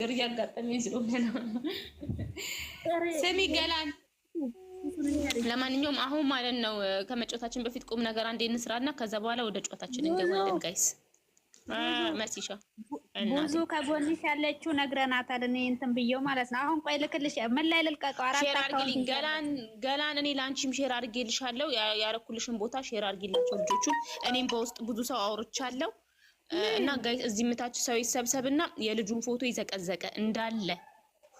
ነገር እያጋጠመኝ ስለሆነ ነው። ስም ይገላል። ለማንኛውም አሁን ማለት ነው ከመጫወታችን በፊት ቁም ነገር አንዴ እንስራ እና ከዛ በኋላ ወደ ጨዋታችን እንገባለን። ጋይስ መሲሻ ብዙ ከጎንሽ ያለችው ነግረናታል። እኔ እንትን ብየው ማለት ነው። አሁን ቆይ ልክልሽ። ምን ላይ ልልቀቀው? ሼር አድርጊልኝ። ገላን ገላን እኔ ለአንቺም ሼር አድርጌልሻለሁ። ያረኩልሽን ቦታ ሼር አድርጊላቸው ልጆቹ። እኔም በውስጥ ብዙ ሰው አውርቻለሁ። እና ጋይስ እዚህ የምታችሁ ሰው ይሰብሰብና የልጁን ፎቶ ይዘቀዘቀ እንዳለ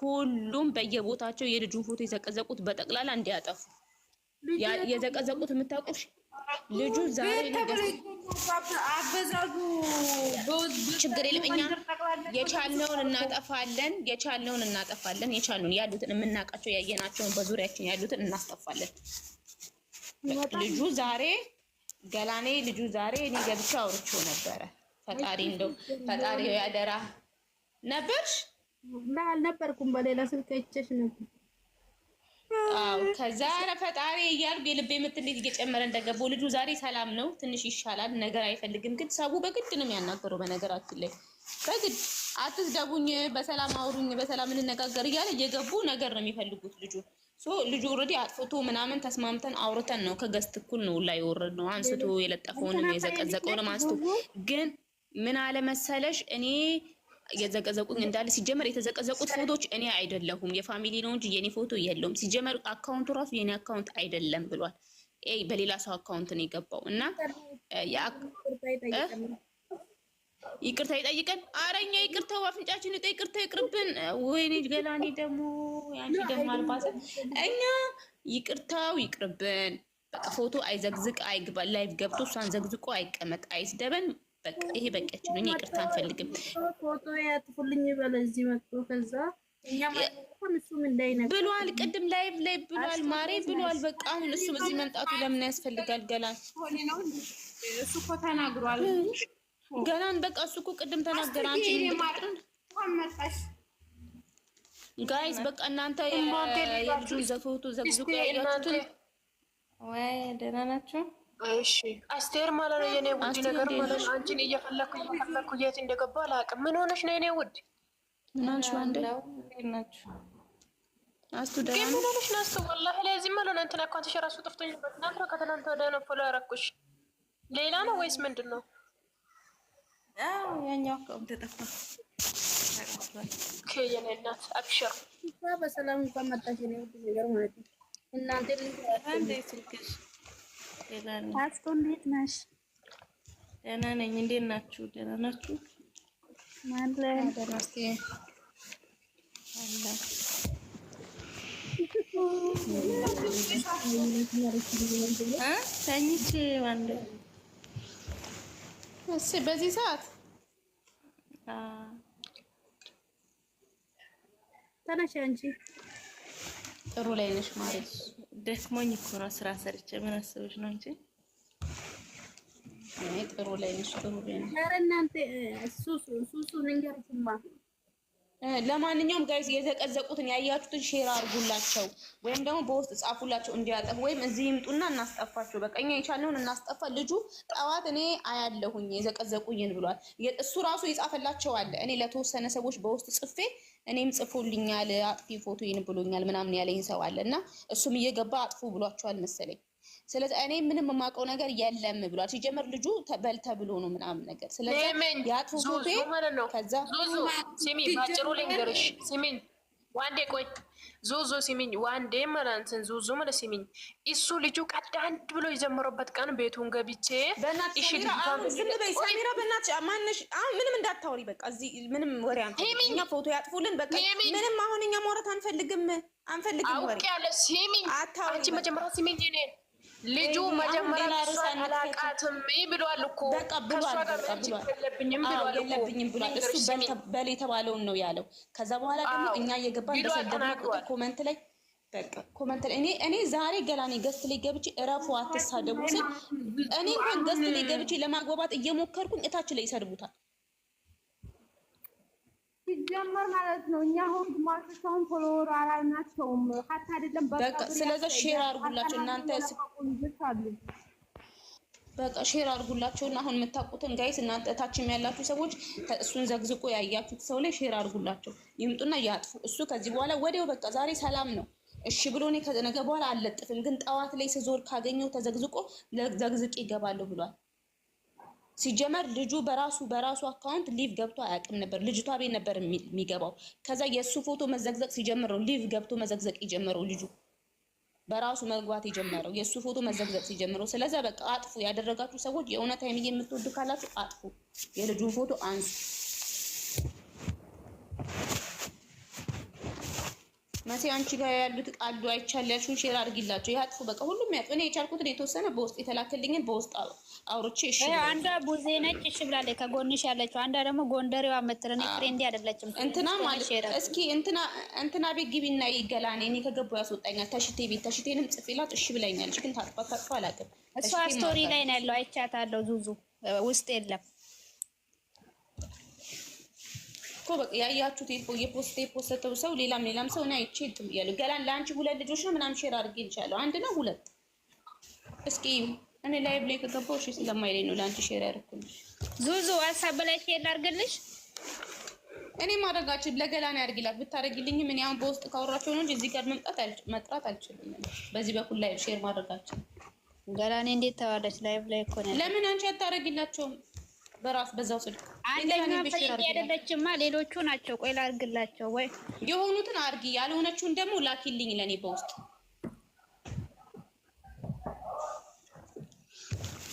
ሁሉም በየቦታቸው የልጁን ፎቶ የዘቀዘቁት በጠቅላላ እንዲያጠፉ። የዘቀዘቁት የምታውቁሽ ልጁ ዛሬ አበዛዙ ችግር የለም። እኛ የቻልነውን እናጠፋለን፣ የቻልነውን እናጠፋለን፣ የቻልነውን ያሉትን የምናውቃቸው ያየናቸውን በዙሪያችን ያሉትን እናስጠፋለን። ልጁ ዛሬ ገላኔ ልጁ ዛሬ እኔ ገብቼ አውርቼው ነበረ ፈጣሪ እንደው ፈጣሪ ያደራ ነበርሽ ላይ አልነበርኩም። በሌላ ስልክ አይቼሽ ነበር። አዎ ከዛ ኧረ ፈጣሪ እያልኩ የልቤ ምት እንዴት እየጨመረ እንደገባው። ልጁ ዛሬ ሰላም ነው፣ ትንሽ ይሻላል፣ ነገር አይፈልግም። ግን ሰው በግድ ነው የሚያናገረው። በነገራችን ላይ በግድ አትስደቡኝ፣ በሰላም አውሩኝ፣ በሰላም እንነጋገር እያለ እየገቡ ነገር ነው የሚፈልጉት ልጁ ሶ ልጁ ኦልሬዲ አጥፍቶ ምናምን ተስማምተን አውርተን ነው ከገስት እኩል ነው ላይ ወረድ ነው አንስቶ የለጠፈውንም የዘቀዘቀውንም አንስቶ ግን ምን አለመሰለሽ እኔ የዘቀዘቁኝ እንዳለ ሲጀመር የተዘቀዘቁት ፎቶዎች እኔ አይደለሁም የፋሚሊ ነው እንጂ የኔ ፎቶ የለውም። ሲጀመር አካውንቱ ራሱ የኔ አካውንት አይደለም ብሏል። ይ በሌላ ሰው አካውንት ነው የገባው እና ይቅርታ ይጠይቀን። አረኛ ይቅርታው አፍንጫችን ጠ ይቅርታ ይቅርብን። ወይኔ ገላኔ ደግሞ ያንቺ ደግሞ አልባሰ። እኛ ይቅርታው ይቅርብን። በቃ ፎቶ አይዘግዝቅ አይግባ። ላይቭ ገብቶ እሷን ዘግዝቆ አይቀመጥ አይስደበን። በቃ ይሄ በቂያችን ነው። እኛ ይቅርታ አንፈልግም። ፎቶ ያጥፉልኝ በለ እዚህ መጥቶ ከዛ ብሏል። ቅድም ላይቭ ላይ ብሏል። ማሬ ብሏል። በቃ አሁን እሱም እዚህ መምጣቱ ለምን ያስፈልጋል? ገላን እሱ እኮ ተናግሯል። ገላን በቃ እሱ እኮ ቅድም ተናገረ። ጋይዝ በቃ እናንተ የልጁን ዘፎቶ ዘግዝቁ ያያችሁትን ወይ ደህና ናቸው እሺ አስቴር ማለት ነው የኔ ውድ ነገር ማለት ነው። አንቺን እየፈለኩ እየፈለኩ የት እንደገባ አላውቅም። ምን ሆነሽ ነው የኔ ውድ? ምን ሆነሽ ነው? አንዴ አስቱ ደህና ነው? ምን ነው አስቱ? ወላሂ ለዚህ ማለት ነው እንትን አካውንትሽ እራሱ ጠፍቶኝ ነበር። ከትናንት ወዲያ ነው ፎሎ ያረኩሽ። ሌላ ነው ወይስ ምንድን ነው? ያኛው ከም ተጠፋ። ኦኬ የኔ እናት አብሽር። በሰላም እንኳን መጣሽ የኔ ውድ ነገር ማለት ነው እናንተ ልንት አንዴ ስልክሽ አስቶ እንዴት ነሽ? ደህና ነኝ። እንዴት ናችሁ? ደህና ናችሁ? ተኝቼ በዚህ ሰዓት ተነሽ አንቺ ጥሩ ላይ ነሽ ማለት ደክሞኝ እኮ ነው ስራ ሰርቼ። ምን አስበሽ ነው እንጂ ጥሩ ላይ ነሽ፣ ጥሩ ላይ ነሽ። ኧረ እናንተ ሱሱ እሱ ንገርሽማ ለማንኛውም ጋይዝ የዘቀዘቁትን ያያችሁትን ሼር አድርጉላቸው፣ ወይም ደግሞ በውስጥ ጻፉላቸው እንዲያጠፉ፣ ወይም እዚህ ይምጡና እናስጠፋቸው። በቃ እኛ የቻልነውን እናስጠፋ። ልጁ ጠዋት እኔ አያለሁኝ የዘቀዘቁኝን ብሏል። እሱ ራሱ የጻፈላቸው አለ። እኔ ለተወሰነ ሰዎች በውስጥ ጽፌ እኔም ጽፎልኛል፣ አጥፊ ፎቶ ይን ብሎኛል ምናምን ያለኝ ሰው አለ እና እሱም እየገባ አጥፉ ብሏቸዋል መሰለኝ። ስለዚህ እኔ ምንም የማውቀው ነገር የለም ብሏል። ሲጀመር ልጁ በልተ ብሎ ነው ምናምን ነገር ስለዚህ ባጭሩ ልንገርሽ ሲሚን ዋንዴ ቆይ ዞዞ ሲሚኝ ዋንዴ መራንትን ዞዞ ማለት ሲሚኝ እሱ ልጁ ቀድ አንድ ብሎ የጀመረበት ቀን ቤቱን ገብቼ ሳሚራ በእናትሽ ማንሽ አሁን ምንም እንዳታወሪ በቃ እዚህ ምንም ወሬ አንፈልግም። ፎቶ ያጥፉልን በቃ ምንም አሁን እኛ ማውራት አንፈልግም አንፈልግም ወሬ አታውሪ መጀመሪያ ሲሚኝ እኔን ልጁ መጀመሪያ እሷን አላውቃትም ብሏል እኮ በቃ ብሏል፣ የለብኝም ብሏል። እሱ በል የተባለውን ነው ያለው። ከዛ በኋላ ደግሞ እኛ እየገባ እንደሰደብና ኮመንት ላይ በቃ ኮመንት ላይ እኔ እኔ ዛሬ ገላኔ ገስት ላይ ገብቼ እረፉ አትሳደቡ ስል እኔ እንኳን ገስት ላይ ገብቼ ለማግባባት እየሞከርኩኝ እታች ላይ ይሰድቡታል። ሲጀመር ማለት ነው እኛ አሁን ግማሾች አሁን ፎሎወር አላልናቸውም። ሀታ አይደለም በቃ ሼር አድርጉላቸው እናንተ አሉ። በቃ ሼር አድርጉላቸውና አሁን የምታውቁትን ጋይስ እናንተ ታችም ያላችሁ ሰዎች እሱን ዘግዝቆ ያያችሁት ሰው ላይ ሼር አድርጉላቸው። ይምጡና ያጥፉ። እሱ ከዚህ በኋላ ወዲያው በቃ ዛሬ ሰላም ነው እሺ ብሎ እኔ ከነገ በኋላ አልለጥፍም፣ ግን ጠዋት ላይ ስዞር ካገኘው ተዘግዝቆ ዘግዝቅ ይገባለሁ ብሏል። ሲጀመር ልጁ በራሱ በራሱ አካውንት ሊቭ ገብቶ አያውቅም ነበር። ልጅቷ ቤት ነበር የሚገባው። ከዛ የእሱ ፎቶ መዘግዘቅ ሲጀምረው ሊቭ ገብቶ መዘግዘቅ የጀመረው ልጁ በራሱ መግባት የጀመረው የእሱ ፎቶ መዘግዘቅ ሲጀምረው። ስለዛ በቃ አጥፉ ያደረጋችሁ ሰዎች የእውነት ሀይሚዬ የምትወዱ ካላችሁ አጥፉ፣ የልጁን ፎቶ አንሱ። መቼ አንቺ ጋር ያሉት አሉ አይቻል ያልሽውን ሼር አድርጊላቸው። ያጥፉ በቃ ሁሉም ያጥፉ። እኔ የቻልኩትን የተወሰነ በውስጥ የተላከልኝን በውስጥ አውርቼ እሺ። አንዷ ቡዜ ነጭ እሺ ብላለች ከጎንሽ ያለችው። አንዷ ደግሞ ጎንደሬዋ የምትል እኔ ፍሬንድ አይደለችም እንትና ማለት እስኪ እንትና እንትና ቤት ግቢና ይገላኔ እኔ ከገቡ ያስወጣኛል። ተሽቴ ቤት ተሽቴንም ጽፊላት እሺ ብላኛለች፣ ግን ታጥፋ ታጥፋ አላውቅም። እሷ ስቶሪ ላይ ነው ያለው አይቻታለሁ። ዙዙ ውስጥ የለም እኮ በቃ ያያችሁት የፖስት የፖስተው ሰው ሌላም ሌላም ሰው እኔ አይቼ እንትን ብያለሁ። ገላን ለአንቺ ሁለት ልጆች ነው ምናምን ሼር አድርጌ ልቻለሁ። አንድ ነው ሁለት? እስኪ እኔ ላይቭ ላይ ከገባሁ እሺ ስለማይለኝ ነው ለአንቺ ሼር ያደርኩልሽ። ዙዙ ዋትሳፕ ላይ ሼር ላድርግልሽ። እኔ ማድረጋችን ለገላን ያድርግላት ብታደርግልኝም እኔ አሁን በውስጥ ካወራቸው ነው እንጂ እዚህ ጋር መምጣት መጥራት አልችልም። በዚህ በኩል ላይ ሼር ማድረጋችን ገላኔ እንዴት ተዋለች? ላይቭ ላይ እኮ ነው። ለምን አንቺ አታደርግላቸውም? በራስ በዛው ስልክ አንደኛ ፈይቅ ያደለችማ ሌሎቹ ናቸው። ቆይ ላርግላቸው ወይ የሆኑትን አርጊ፣ ያልሆነችውን ደግሞ ላኪልኝ ለኔ በውስጥ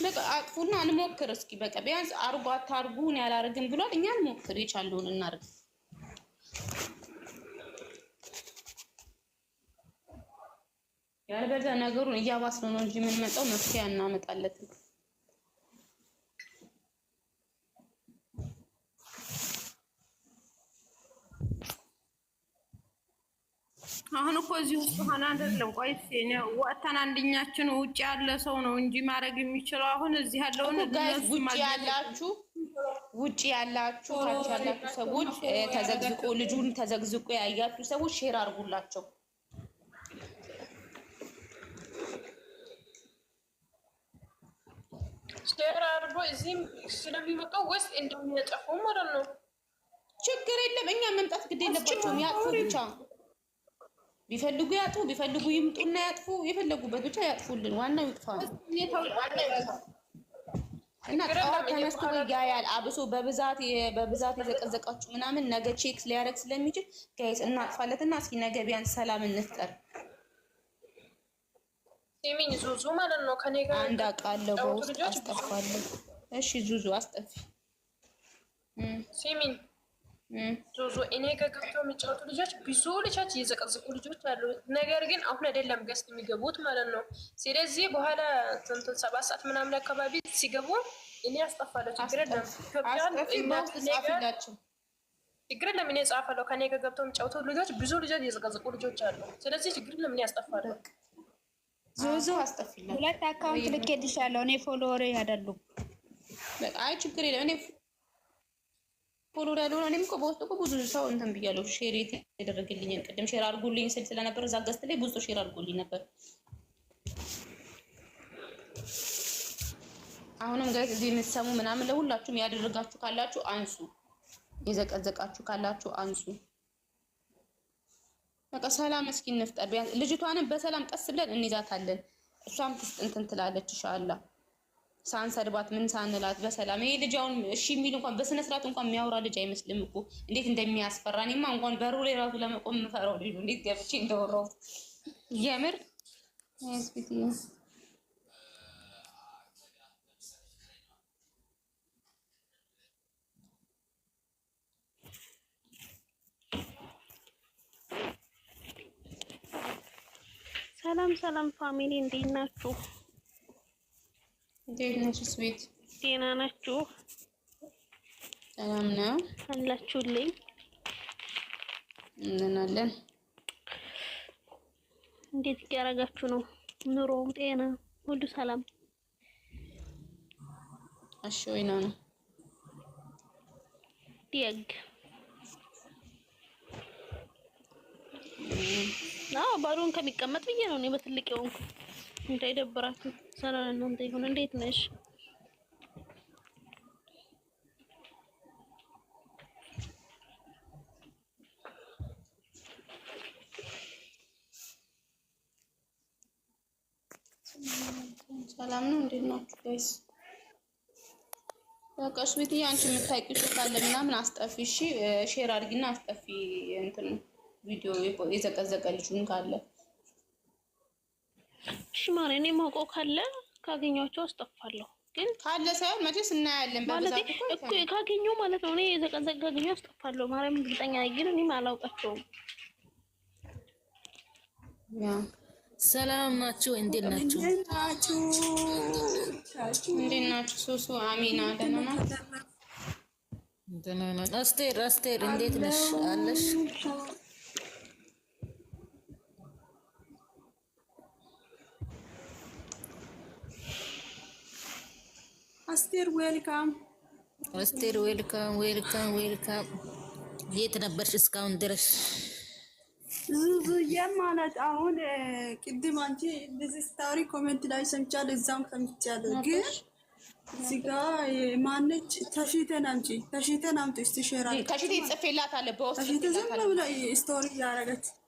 በቃ አቅፉና እንሞክር እስኪ። በቃ ቢያንስ አርጉ አታርጉ ነው ያላርግም ብሏል። እኛ እንሞክር፣ የቻለውን እናርግ። ያልበዛ ነገሩን እያባስ ነው እንጂ የምንመጣው መፍትሄ እናመጣለትን አሁን እኮ እዚህ ውስጥ ሆነ አይደለም። ቆይ ወጥተን አንድኛችን ውጭ ያለ ሰው ነው እንጂ ማድረግ የሚችለው አሁን እዚህ ያለውን ውጭ ያላችሁ ውጭ ያላችሁ ታች ያላችሁ ሰዎች ተዘግዝቆ ልጁን ተዘግዝቆ ያያችሁ ሰዎች ሼር አድርጉላቸው። ሼር አድርጎ እዚህም ስለሚመጣው ወይስ እንደሚያጠፉ ማለት ነው። ችግር የለም እኛ መምጣት ግድ የለባቸውም። ያጥፉ ብቻ ቢፈልጉ ያጡ፣ ቢፈልጉ ይምጡና ያጥፉ። የፈለጉበት ብቻ ያጥፉልን። ዋናው ይጥፋ እና ጠዋት ተነስቶ ያያል። አብሶ በብዛት በብዛት የዘቀዘቃችሁ ምናምን ነገ ቼክ ሊያደርግ ስለሚችል ጋይስ እናጥፋለትና እስኪ ነገ ቢያንስ ሰላም እንፍጠር። ሲሚኝ ዙዙ ማለት ነው ከኔ ጋር አንድ አውቃለሁ። በውስጥ አስጠፋለሁ። እሺ ዙዙ አስጠፊ ሲሚኝ ዞዞ እኔ ከገብቶ የሚጫወቱ ልጆች ብዙ ልጆች እየዘቀዘቁ ልጆች አሉ። ነገር ግን አሁን አይደለም ገስት የሚገቡት ማለት ነው። ስለዚህ በኋላ እንትን ሰባት ሰዓት ምናምን አካባቢ ሲገቡ እኔ አስጠፋለሁ። ችግር የለም ችግር የለም። እኔ ጻፋለሁ። ከኔ ከገብቶ የሚጫወቱ ልጆች ብዙ ልጆች እየዘቀዘቁ ልጆች አሉ። ስለዚህ ችግር የለም። እኔ አስጠፋለሁ። ዞዞ አስጠፊላቸው። ሁለት አካውንት ልኬልሻለሁ። እኔ ፎሎወሬ አይደሉም። አይ ችግር የለም እኔ ፎሎ ዳዶ እኔም እኮ በውስጥ እኮ ብዙ ሰው እንትን ብያለሁ። ሼር የተደረገልኝን ቅድም ሼር አድርጉልኝ ስል ስለነበር እዛ ገስት ላይ ብዙ ሼር አድርጉልኝ ነበር። አሁንም ጋይስ እዚህ የምትሰሙ ምናምን ለሁላችሁም ያደረጋችሁ ካላችሁ አንሱ፣ የዘቀዘቃችሁ ካላችሁ አንሱ። በቃ ሰላም እስኪ እንፍጠር። ቢያንስ ልጅቷንም በሰላም ቀስ ብለን እንይዛታለን። እሷም ትስጥ እንትን ትላለች። ኢንሻአላህ ሳንሰድባት ምን ሳንላት በሰላም ይሄ ልጅ አሁን እሺ የሚል እንኳን በስነ ስርዓት እንኳን የሚያወራ ልጅ አይመስልም እኮ እንዴት እንደሚያስፈራ። እኔማ እንኳን በሩ ላይ ራሱ ለመቆም የምፈራው ልጁ እንዴት ገብቼ እንደወራሁት የምር ሰላም ሰላም ፋሚሊ እንዴት ናችሁ? እንዴት ነሽ ስዊት? ጤና ናችሁ? ሰላም ነው አላችሁልኝ? እንናለን። እንዴት እያደረጋችሁ ነው? ኑሮም ጤና ሁሉ ሰላም እሺ። ወይና ነው ዲያግ አዎ፣ ባዶን ከሚቀመጥ ብዬ ነው እኔ በትልቅ የሆንኩ እንዳይደብራችሁ። ሰላም እናንተ ይሁን። እንዴት ነሽ? ሰላም ነው። እንዴት ናችሁ ጋይስ? ያቀሽ ቤትዬ አንቺ የምታውቂው ሰው ካለ ምናምን አስጠፊ። እሺ ሼር አድርጊና አስጠፊ እንትን ቪዲዮ የዘቀዘቀ ልጁን ካለ ማሬ፣ እኔ ማውቀው ካለ ካገኘኋቸው አስጠፋለሁ። ግን ካለ ሳይሆን መቼስ እናያለን። በብዛት እኮ ካገኘሁ ማለት ነው። እኔ የዘቀዘቀ ካገኘሁ አስጠፋለሁ። ማርያም ግልጠኛ ግን እኔም አላውቃቸውም። ሰላም ናችሁ? እንዴት ናችሁ? እንዴት ናችሁ? ሱሱ አሚና ደህና ናት። ደህና ናት። አስቴር አስቴር፣ እንዴት ነሽ? አለሽ አስቴር ዌልካም፣ አስቴር ዌልካም፣ ዌልካም፣ ዌልካም። የት ነበርሽ እስካሁን ድረስ? ዙዙዬ ማለት አሁን ቅድም አንቺ እንደዚህ ስታወሪ ኮሜንት ላይ ሰምቻለሁ፣ እዛም ሰምቻለሁ። ግን እዚህ ጋ ማነች ተሽተን አምጪ ተሽተን አምጪ ስትሸራ ተሽተን ጽፌላት በውስጥ ተሽተን ዝም ብላ ስቶሪ ያረገች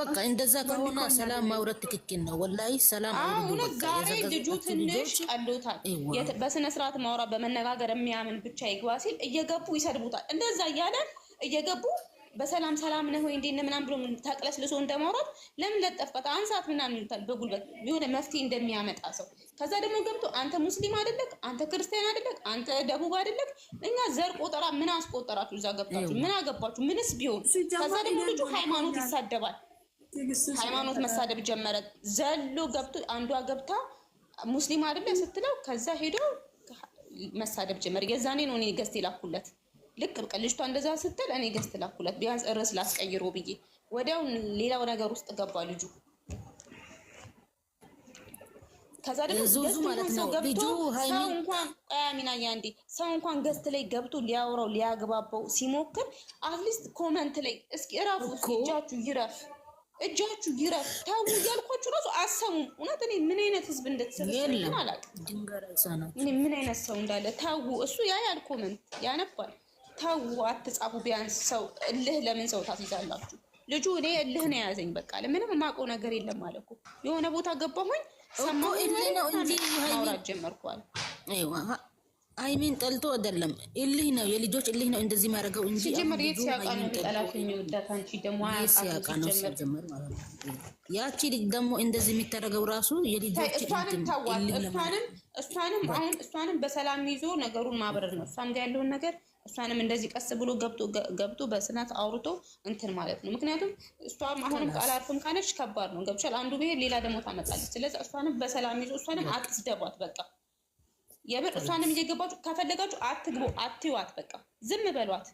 በቃ እንደዛ ከሆነ ሰላም ማውረድ ትክክል ነው። ወላይ ሰላም እውነት ዛሬ ልጁ ትንሽ ቀሎታል። በስነ ስርዓት ማውራት በመነጋገር የሚያምን ብቻ ይግባ ሲል እየገቡ ይሰድቡታል። እንደዛ እያለን እየገቡ በሰላም ሰላም ነህ ወይ እንዴት ነህ ምናምን ብሎ ተቅለስልሶ እንደማውራት ለምን ለጠፍቃት አንሳት ምናምን በጉልበት የሆነ መፍትሄ እንደሚያመጣ ሰው ከዛ ደግሞ ገብቶ አንተ ሙስሊም አይደለክ፣ አንተ ክርስቲያን አይደለክ፣ አንተ ደቡብ አይደለክ፣ እኛ ዘር ቆጠራ ምን አስቆጠራችሁ? እዛ ገብታችሁ ምን አገባችሁ? ምንስ ቢሆን ከዛ ደግሞ ልጁ ሃይማኖት ይሳደባል። ሃይማኖት መሳደብ ጀመረ። ዘሎ ገብቶ አንዷ ገብታ ሙስሊም አይደለ ስትለው ከዛ ሄዶ መሳደብ ጀመረ። የዛኔ ነው እኔ ገዝት ልክ በቃ ልጅቷ እንደዛ ስትል እኔ ገስት ላኩላት ቢያንስ እርስ ላስቀይሮ ብዬ ወዲያው ሌላው ነገር ውስጥ ገባ ልጁ። ከዛ ደግሞ ሰው እንኳን ቀያሚና ያንዴ ሰው እንኳን ገዝት ላይ ገብቶ ሊያወራው ሊያግባባው ሲሞክር አትሊስት ኮመንት ላይ እስኪ እራፉ እጃችሁ ይረፍ እጃችሁ ይረፍ ታው እያልኳችሁ ራሱ አሰሙም። እውነት እኔ ምን አይነት ህዝብ እንደተሰበሰብን አላውቅም። ምን አይነት ሰው እንዳለ ታው እሱ ያ ያል ኮመንት ያነባል ተው አትጻፉ። ቢያንስ ሰው እልህ ለምን ሰው ታስይዛላችሁ? ልጁ እኔ እልህ ነው የያዘኝ። በቃ ምንም የማውቀው ነገር የለም አለ እኮ የሆነ ቦታ ገባሁኝ ሰማሁ ነው እንጂ ማውራት ጀመርኳል። አይሚን ጠልቶ አይደለም እልህ ነው የልጆች እልህ ነው እንደዚህ ማድረገው እንጂ ሲጀመር የት ሲያውቃ ነው የሚጠላት የሚወዳት? አንቺ ደግሞ ሲያውቃ ነው ሲጀመር ማለት ያቺ ልጅ ደግሞ እንደዚህ የሚታረገው ራሱ የልጆች እሷንም ታዋል እሷንም እሷንም አሁን እሷንም በሰላም ይዞ ነገሩን ማብረር ነው እሷ እንደ ያለውን ነገር እሷንም እንደዚህ ቀስ ብሎ ገብቶ በስነት አውርቶ እንትን ማለት ነው። ምክንያቱም እሷም አሁንም ቃል አርፍም ካለች ከባድ ነው። ገብቻል። አንዱ ብሄር ሌላ ደግሞ ታመጣለች። ስለዚህ እሷንም በሰላም ይዞ እሷንም አቅስደቧት በቃ የብር እሷንም እየገባችሁ ከፈለጋችሁ አትግቡ፣ አትይዋት፣ በቃ ዝም በሏት።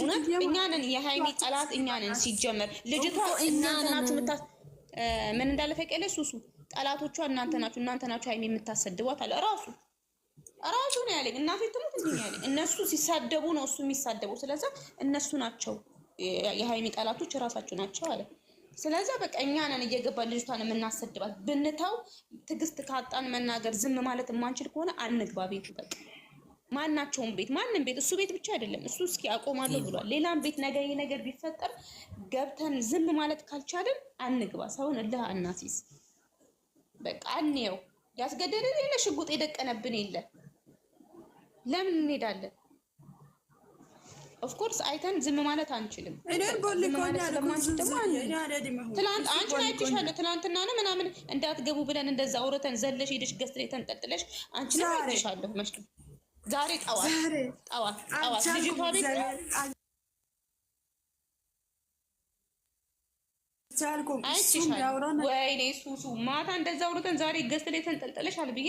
እውነት እኛ ነን የሀይሚ ጠላት እኛ ነን። ሲጀመር ልጅቷ እናንተ ናችሁ ምታ ምን እንዳለ ፈቀለ ሱሱ ጠላቶቿ እናንተ ናችሁ፣ እናንተ ናችሁ ሀይሚ የምታሰድቧት አለ ራሱ ራሱ ነው ያለኝ። እናቴ ትምህርት እንዲህ ነው ያለኝ። እነሱ ሲሳደቡ ነው እሱ የሚሳደበው። ስለዛ እነሱ ናቸው የሀይሚ ጠላቶች እራሳቸው ናቸው አለ። ስለዛ በቃ እኛ ነን እየገባ ልጅቷን የምናሰድባት። ብንተው ትግስት ካጣን መናገር ዝም ማለት የማንችል ከሆነ አንግባ ቤቱ በቃ ማናቸውም ቤት ማንም ቤት እሱ ቤት ብቻ አይደለም። እሱ እስኪ አቆማለሁ ብሏል። ሌላም ቤት ነገ ነገር ቢፈጠር ገብተን ዝም ማለት ካልቻለን አንግባ። ሰውን እልህ አናሲዝ። በቃ አንየው። ያስገደደን የለ ሽጉጥ የደቀነብን የለ ለምን እንሄዳለን? ኦፍኮርስ አይተን ዝም ማለት አንችልም። ትላንት አንቺ አይቼሻለሁ። ትላንትና ነው ምናምን እንዳትገቡ ብለን እንደዛ አውረተን ዘለሽ ሄደሽ ገስት ላይ ተንጠልጥለሽ አንቺንም አይቼሻለሁ። ዛሬ ጠዋት ጠዋት ጠዋት ልጅቷ ቤት ወይኔ ሱሱ ማታ እንደዛ አውርተን ዛሬ ገዝት ላይ ተንጠልጠለሻል ብዬ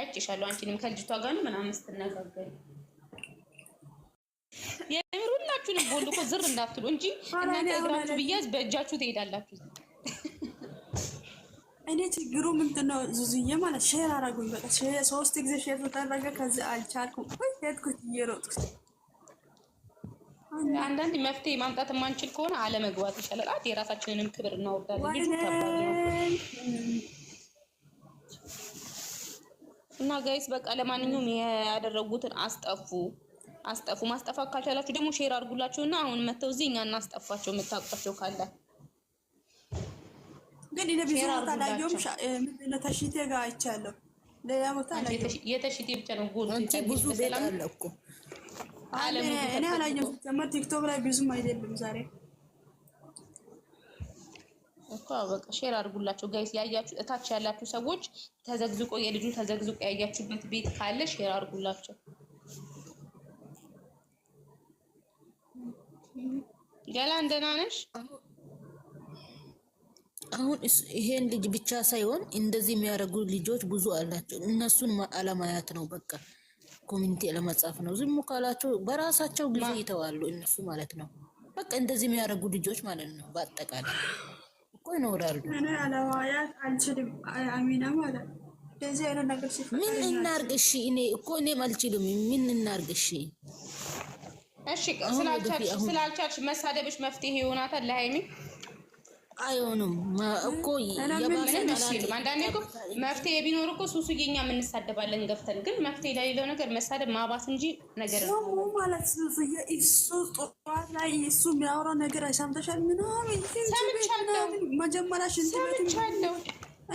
አይቼሻለሁ። አንቺንም ከልጅቷ ጋር ምናምን ስትነጋገሪ የምር ሁላችሁንም ቦንድ እኮ ዝር እንዳትሉ እንጂ እናንተ እግራችሁ ብያዝ በእጃችሁ ትሄዳላችሁ። እኔ ችግሩ ምንድን ነው? ዙዙዬ ማለት ሼር አረጉኝ። በቃ ሶስት ጊዜ ሼር ተደረገ። ከዚህ አልቻልኩም። ሄድኩት እየሮጥኩት አንዳንድ መፍትሄ ማምጣት የማንችል ከሆነ አለመግባት ይሻላል። የራሳችንንም ክብር እናወርዳለን እና ጋይስ በቃ ለማንኛውም ያደረጉትን አስጠፉ አስጠፉ። ማስጠፋት ካልቻላችሁ ደግሞ ሼር አድርጉላቸው እና አሁን መተው እዚህ እኛ እናስጠፋቸው። የምታውቋቸው ካለ ግን ለብዙ ቦታ ላየሁም ተሽቴ ጋር አይቻለሁ። ሌላ ቦታ የተሽቴ ብቻ ነው ጎ ብዙ ቤት አለ እኮ እኔ አላየሁም። ሲጀመር ቲክቶክ ላይ ብዙም አይደለም ዛሬ እኮ በቃ ሼር አድርጉላቸው ጋይስ። ያያችሁ እታች ያላችሁ ሰዎች ተዘግዝቆ የልጁ ተዘግዝቆ ያያችሁበት ቤት ካለ ሼር አድርጉላቸው ገላን። ደህና ነሽ? አሁን ይሄን ልጅ ብቻ ሳይሆን እንደዚህ የሚያደርጉ ልጆች ብዙ አላቸው። እነሱን አለማየት ነው በቃ ኮሚኒቲ ለመጻፍ ነው። ዝም ካላቸው በራሳቸው ጊዜ ይተዋሉ እነሱ ማለት ነው። በቃ እንደዚህ የሚያደርጉ ልጆች ማለት ነው። በአጠቃላይ እኮ ይኖራሉ። ምን እናርግ? እሺ እኔ እኮ እኔም አልችልም። ምን እናርግ? እሺ እሺ፣ ስላልቻልሽ መሳደብሽ መፍትሄ ይሆናታል ለሀይሚ አይሆንም እኮ አንዳንዴ እኮ መፍትሄ ቢኖር እኮ ሱሱ የኛ የምንሳደባለን ገብተን፣ ግን መፍትሄ ለሌለው ነገር መሳደብ ማባት እንጂ ነገር ማለት ሱሱዬ። እሱ ጠዋት ላይ እሱ የሚያወራው ነገር አይሰምተሻል ምናምን መጀመሪያ ሽንት ቤት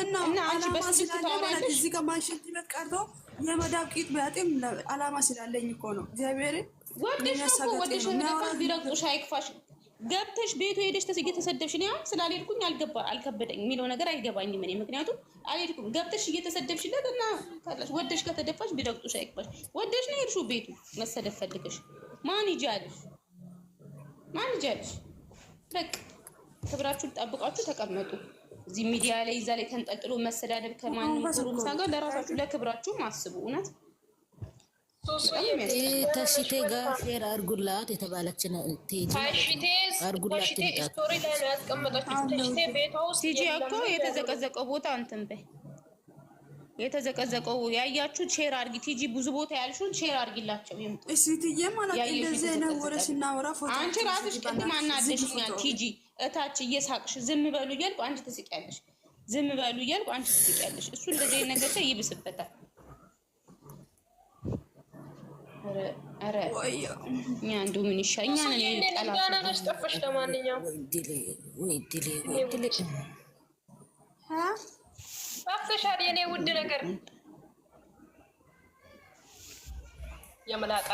እና እዚህ ጋር ሽንት ቤት ቀርቶ የመዳብ ቂጥ ቢያጤም አላማ ስላለኝ እኮ ነው እግዚአብሔርን ወደሽ ወደሽ ቢረግጡሽ አይክፋሽ ገብተሽ ቤቱ ሄደሽ እየተሰደብሽ ነው። አሁን ስላልሄድኩኝ አልከበደኝ የሚለው ነገር አይገባኝም እኔ ምክንያቱም አልሄድኩም። ገብተሽ እየተሰደብሽለት እና ወደሽ ከተደፋሽ ቢረግጡሽ አይቅባሽ። ወደሽ ነው ሄድሽው ቤቱ መሰደብ ፈልገሽ ማን ይጃልሽ? ማን ይጃልሽ? በቃ ክብራችሁን ጠብቃችሁ ተቀመጡ። እዚህ ሚዲያ ላይ እዛ ላይ ተንጠልጥሎ መሰዳደብ ከማንም ጋር ለራሳችሁ ለክብራችሁም አስቡ እውነት ተሽቴ ጋር ሼር አድርጉላት የተባለች ቲጂ እኮ የተዘቀዘቀው ቦታ እንትን በይ የተዘቀዘቀው ያያችሁት ሼር አድርጊ። ቲጂ ብዙ ቦታ ያልሽውን ሼር አድርጊላቸው ይምጡ። አንቺ ራስሽ ቅድም አናደሽኛል። ቲጂ እታች እየሳቅሽ ዝም በሉ እያልኩ አንቺ ትስቂያለሽ። ዝም በሉ እያልኩ አንቺ ትስቂያለሽ። እሱ እንደዚህ ነገር ይብስበታል። እኛ እንዱ ምን ይሻኛል? ጠፋሽ። ለማንኛውም ጠፍተሻል የኔ ውድ ነገር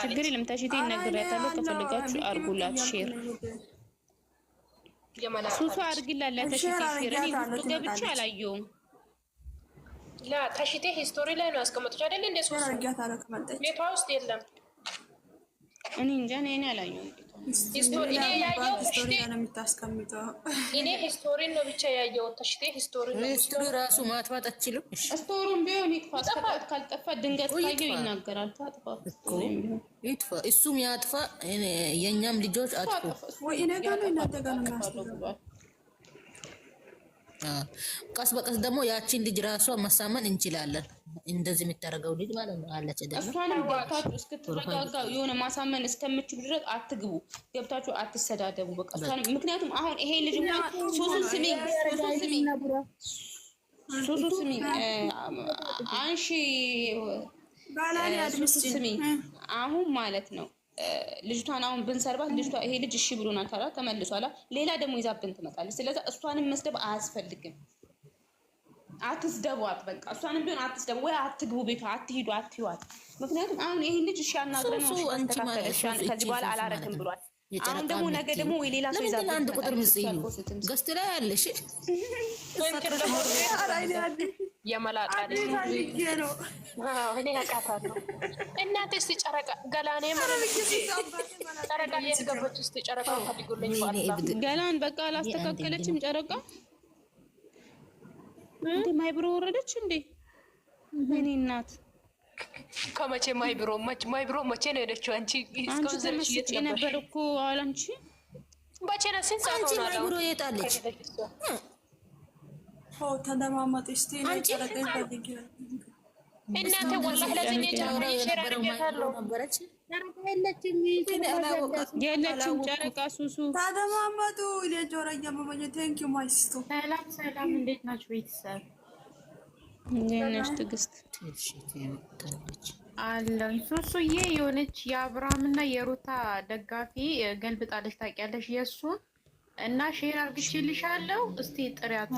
ችግር የለም። ተሽቴ ይነግራታለሁ። ከፈልጋችሁ አርጉላት ሼር ሱሱ አርግላላ ተሽቴ ሼር። እኔ ውስጡ ገብቼ አላየውም። ላ ተሽቴ ሂስቶሪ ላይ ነው ያስቀመጡች አይደል? እንደ ሱሱ ቤቷ ውስጥ የለም። እኔ እንጃ እኔ አላየሁም። እኔ ስቶሪ ነው ብቻ ያየሁት። ተሽቴ ስቶሪ ራሱ ማጥፋት አትችልም። ስቶሪም ቢሆን ይጥፋ ካልጠፋ ድንገት ካየው ይናገራል። ይጥፋ፣ እሱም ያጥፋ፣ የእኛም ልጆች አጥፉ። ቀስ በቀስ ደግሞ ያቺን ልጅ ራሷ ማሳመን እንችላለን። እንደዚህ የሚደረገው ልጅ ማለት ነው አለች። እሷን ገብታችሁ እስክትረጋጋ የሆነ ማሳመን እስከምችሉ ድረስ አትግቡ፣ ገብታችሁ አትሰዳደቡ። በቃ ምክንያቱም አሁን ይሄ ልጅ ሶስቱን ስሚ፣ ሶስቱን ስሚ፣ አንሺ ስሜ አሁን ማለት ነው ልጅቷን አሁን ብንሰርባት ልጅቷ ይሄ ልጅ እሺ ብሎናል ካላ ተመልሷላ፣ ሌላ ደግሞ ይዛብን ትመጣለች። ስለዚ እሷንም መስደብ አያስፈልግም። አትስደቧት። በቃ እሷንም ቢሆን አትስደቡ ወይ አትግቡ፣ ቤቷ አትሂዱ፣ አትይዋት። ምክንያቱም አሁን ይህን ልጅ እሺ ያናግረን ነው ከዚህ በኋላ አላረግም ብሏል። አሁን ደግሞ ነገ ደግሞ ወይ ሌላ ሰው ይዛት አንድ ቁጥር ገስት ላይ ያለሽ የመላጣ ገላን በቃ አላስተካከለችም ጨረቃ እንዴ ማይብሮ ወረደች እንዴ? እኔ እናት ከመቼ ማይብሮ ማይብሮ መቼ ነው የሄደችው? አንቺ እስካሁን ዘርሽ ነበር እኮ አሁን አንቺ መቼ ነው ስንት ሰዓት ሆኗል? ማይብሮ የጣለች እናቴ ወላሂ ለዚህ ነበረች የለችም ጨረቃ ሱሱ ታደማመጡ ጆሮ እያመመኝ ቴንኪ ማይስቱ ሰላም ሰላም፣ እንዴት ናችሁ ቤተሰብ? እንዴት ነሽ ትዕግስት? አለን ሱሱዬ የሆነች የአብርሃምና የሩታ ደጋፊ ገልብጣለች፣ ታውቂያለሽ? የእሱን እና ሼር አድርግሽልሻለሁ። እስቲ ጥሪያት